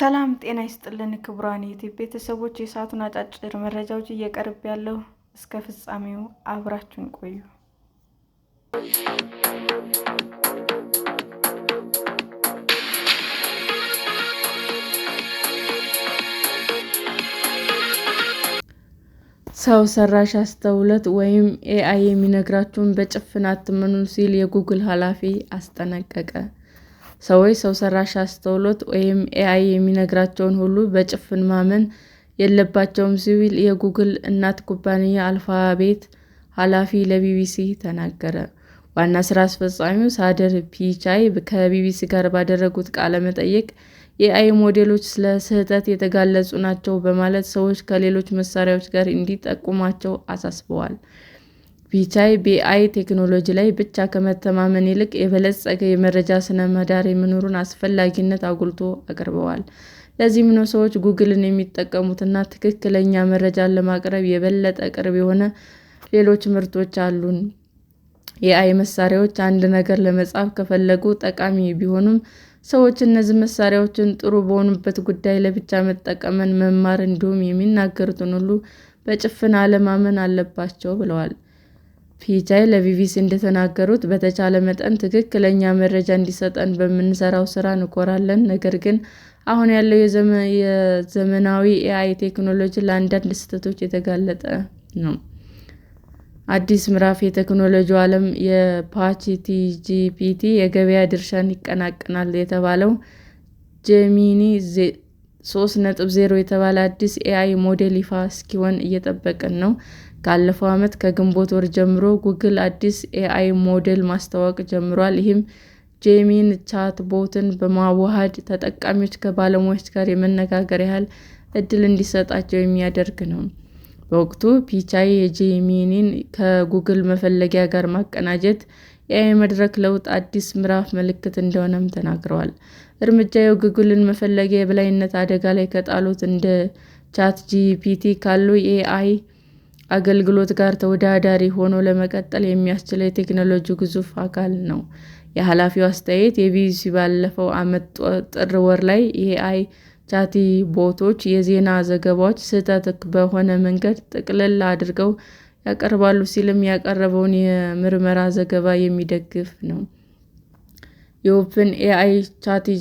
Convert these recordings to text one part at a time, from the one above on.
ሰላም ጤና ይስጥልን ክቡራን ዩቲዩብ ቤተሰቦች፣ የሰዓቱን አጫጭር መረጃዎች እየቀርብ ያለው እስከ ፍጻሜው አብራችሁን ቆዩ። ሰው ሰራሽ አስተውሎት ወይም ኤአይ የሚነግራችሁን በጭፍን አትመኑ ሲል የጉግል ኃላፊ አስጠነቀቀ። ሰዎች ሰው ሰራሽ አስተውሎት ወይም ኤአይ የሚነግራቸውን ሁሉ በጭፍን ማመን የለባቸውም ሲል የጉግል እናት ኩባንያ አልፋቤት ኃላፊ ለቢቢሲ ተናገረ። ዋና ሥራ አስፈጻሚው ሳደር ፒቻይ ከቢቢሲ ጋር ባደረጉት ቃለ መጠይቅ ኤአይ ሞዴሎች ስለ ስህተት የተጋለጹ ናቸው በማለት ሰዎች ከሌሎች መሳሪያዎች ጋር እንዲጠቁሟቸው አሳስበዋል። ቢቻይ ቢአይ ቴክኖሎጂ ላይ ብቻ ከመተማመን ይልቅ የበለጸገ የመረጃ ስነ ምህዳር የመኖሩን አስፈላጊነት አጉልቶ አቅርበዋል። ለዚህም ነው ሰዎች ጉግልን የሚጠቀሙትና ትክክለኛ መረጃን ለማቅረብ የበለጠ ቅርብ የሆነ ሌሎች ምርቶች አሉን። የአይ መሳሪያዎች አንድ ነገር ለመጻፍ ከፈለጉ ጠቃሚ ቢሆኑም፣ ሰዎች እነዚህ መሳሪያዎችን ጥሩ በሆኑበት ጉዳይ ለብቻ መጠቀምን መማር እንዲሁም የሚናገሩትን ሁሉ በጭፍን አለማመን አለባቸው ብለዋል። ፒቻይ ለቢቢሲ እንደተናገሩት በተቻለ መጠን ትክክለኛ መረጃ እንዲሰጠን በምንሰራው ስራ እንኮራለን። ነገር ግን አሁን ያለው የዘመናዊ ኤአይ ቴክኖሎጂ ለአንዳንድ ስህተቶች የተጋለጠ ነው። አዲስ ምዕራፍ የቴክኖሎጂው ዓለም የቻትጂፒቲ የገበያ ድርሻን ይቀናቀናል የተባለው ጄሚኒ 3.0 የተባለ አዲስ ኤአይ ሞዴል ይፋ እስኪሆን እየጠበቅን ነው። ካለፈው ዓመት ከግንቦት ወር ጀምሮ ጉግል አዲስ ኤአይ ሞዴል ማስተዋወቅ ጀምሯል። ይህም ጄሚን ቦትን በማዋሃድ ተጠቃሚዎች ከባለሙያዎች ጋር የመነጋገር ያህል እድል እንዲሰጣቸው የሚያደርግ ነው። በወቅቱ ፒቻይ የጄሚኒን ከጉግል መፈለጊያ ጋር ማቀናጀት የኤአይ መድረክ ለውጥ አዲስ ምዕራፍ ምልክት እንደሆነም ተናግረዋል። እርምጃ የጉግልን መፈለጊያ የበላይነት አደጋ ላይ ከጣሉት እንደ ቻት ጂፒቲ ካሉ የኤአይ አገልግሎት ጋር ተወዳዳሪ ሆኖ ለመቀጠል የሚያስችል የቴክኖሎጂ ግዙፍ አካል ነው። የኃላፊው አስተያየት የቢቢሲ ባለፈው ዓመት ጥር ወር ላይ የኤአይ ቦቶች የዜና ዘገባዎች ስህተት በሆነ መንገድ ጥቅልል አድርገው ያቀርባሉ ሲልም ያቀረበውን የምርመራ ዘገባ የሚደግፍ ነው። የኦፕን ኤአይ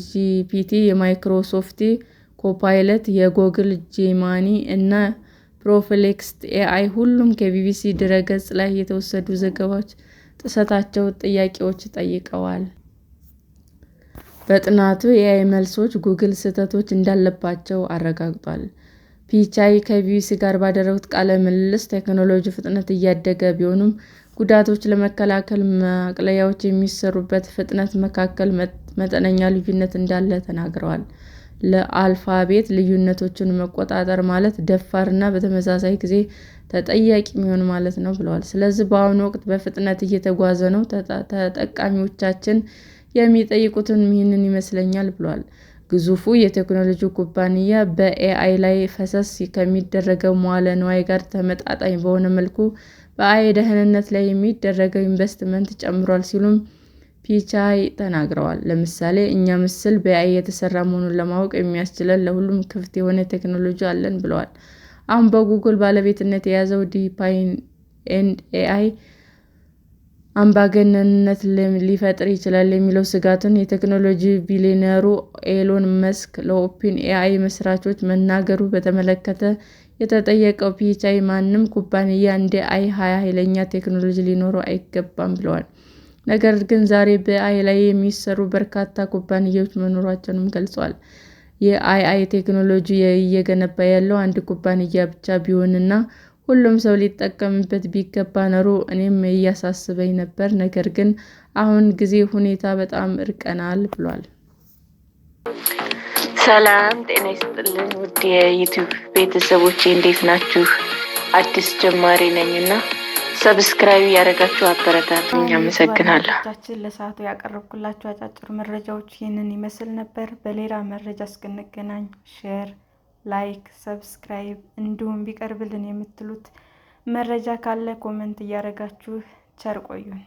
ጂፒቲ፣ የማይክሮሶፍት ኮፓይለት፣ የጎግል ጄማኒ እና ፕሮፍሌክስ ኤአይ ሁሉም ከቢቢሲ ድረ-ገጽ ላይ የተወሰዱ ዘገባዎች ጥሰታቸው ጥያቄዎች ጠይቀዋል። በጥናቱ ኤአይ መልሶች ጉግል ስህተቶች እንዳለባቸው አረጋግጧል። ፒቻይ ከቢቢሲ ጋር ባደረጉት ቃለ ምልልስ ቴክኖሎጂ ፍጥነት እያደገ ቢሆኑም ጉዳቶች ለመከላከል ማቅለያዎች የሚሰሩበት ፍጥነት መካከል መጠነኛ ልዩነት እንዳለ ተናግረዋል። ለአልፋቤት ልዩነቶችን መቆጣጠር ማለት ደፋርና በተመሳሳይ ጊዜ ተጠያቂ የሚሆን ማለት ነው ብለዋል። ስለዚህ በአሁኑ ወቅት በፍጥነት እየተጓዘ ነው። ተጠቃሚዎቻችን የሚጠይቁትን ይህንን ይመስለኛል ብለዋል። ግዙፉ የቴክኖሎጂ ኩባንያ በኤአይ ላይ ፈሰስ ከሚደረገው መዋለ ንዋይ ጋር ተመጣጣኝ በሆነ መልኩ በአይ ደህንነት ላይ የሚደረገው ኢንቨስትመንት ጨምሯል ሲሉም ፒቻይ ተናግረዋል። ለምሳሌ እኛ ምስል በኤአይ የተሰራ መሆኑን ለማወቅ የሚያስችለን ለሁሉም ክፍት የሆነ ቴክኖሎጂ አለን ብለዋል። አሁን በጉግል ባለቤትነት የያዘው ዲፓይን ኤንድ ኤአይ አምባገነንነት ሊፈጥር ይችላል የሚለው ስጋቱን የቴክኖሎጂ ቢሊነሩ ኤሎን መስክ ለኦፕን ኤአይ መስራቾች መናገሩ በተመለከተ የተጠየቀው ፒቻይ ማንም ኩባንያ እንደ አይ ሀያ ኃይለኛ ቴክኖሎጂ ሊኖረው አይገባም ብለዋል። ነገር ግን ዛሬ በአይ ላይ የሚሰሩ በርካታ ኩባንያዎች መኖራቸውንም ገልጸዋል። የአይአይ ቴክኖሎጂ እየገነባ ያለው አንድ ኩባንያ ብቻ ቢሆንና ሁሉም ሰው ሊጠቀምበት ቢገባ ኖሮ እኔም እያሳስበኝ ነበር፣ ነገር ግን አሁን ጊዜ ሁኔታ በጣም እርቀናል ብሏል። ሰላም ጤና ይስጥልን ውድ የዩቱብ ቤተሰቦቼ እንዴት ናችሁ? አዲስ ጀማሪ ነኝና ሰብስክራይብ ያደረጋችሁ አበረታት አመሰግናለሁ። ቻችን ለሰዓቱ ያቀረብኩላችሁ አጫጭር መረጃዎች ይህንን ይመስል ነበር። በሌላ መረጃ እስክንገናኝ ሼር፣ ላይክ፣ ሰብስክራይብ እንዲሁም ቢቀርብልን የምትሉት መረጃ ካለ ኮመንት እያደረጋችሁ ቸር ቆዩን።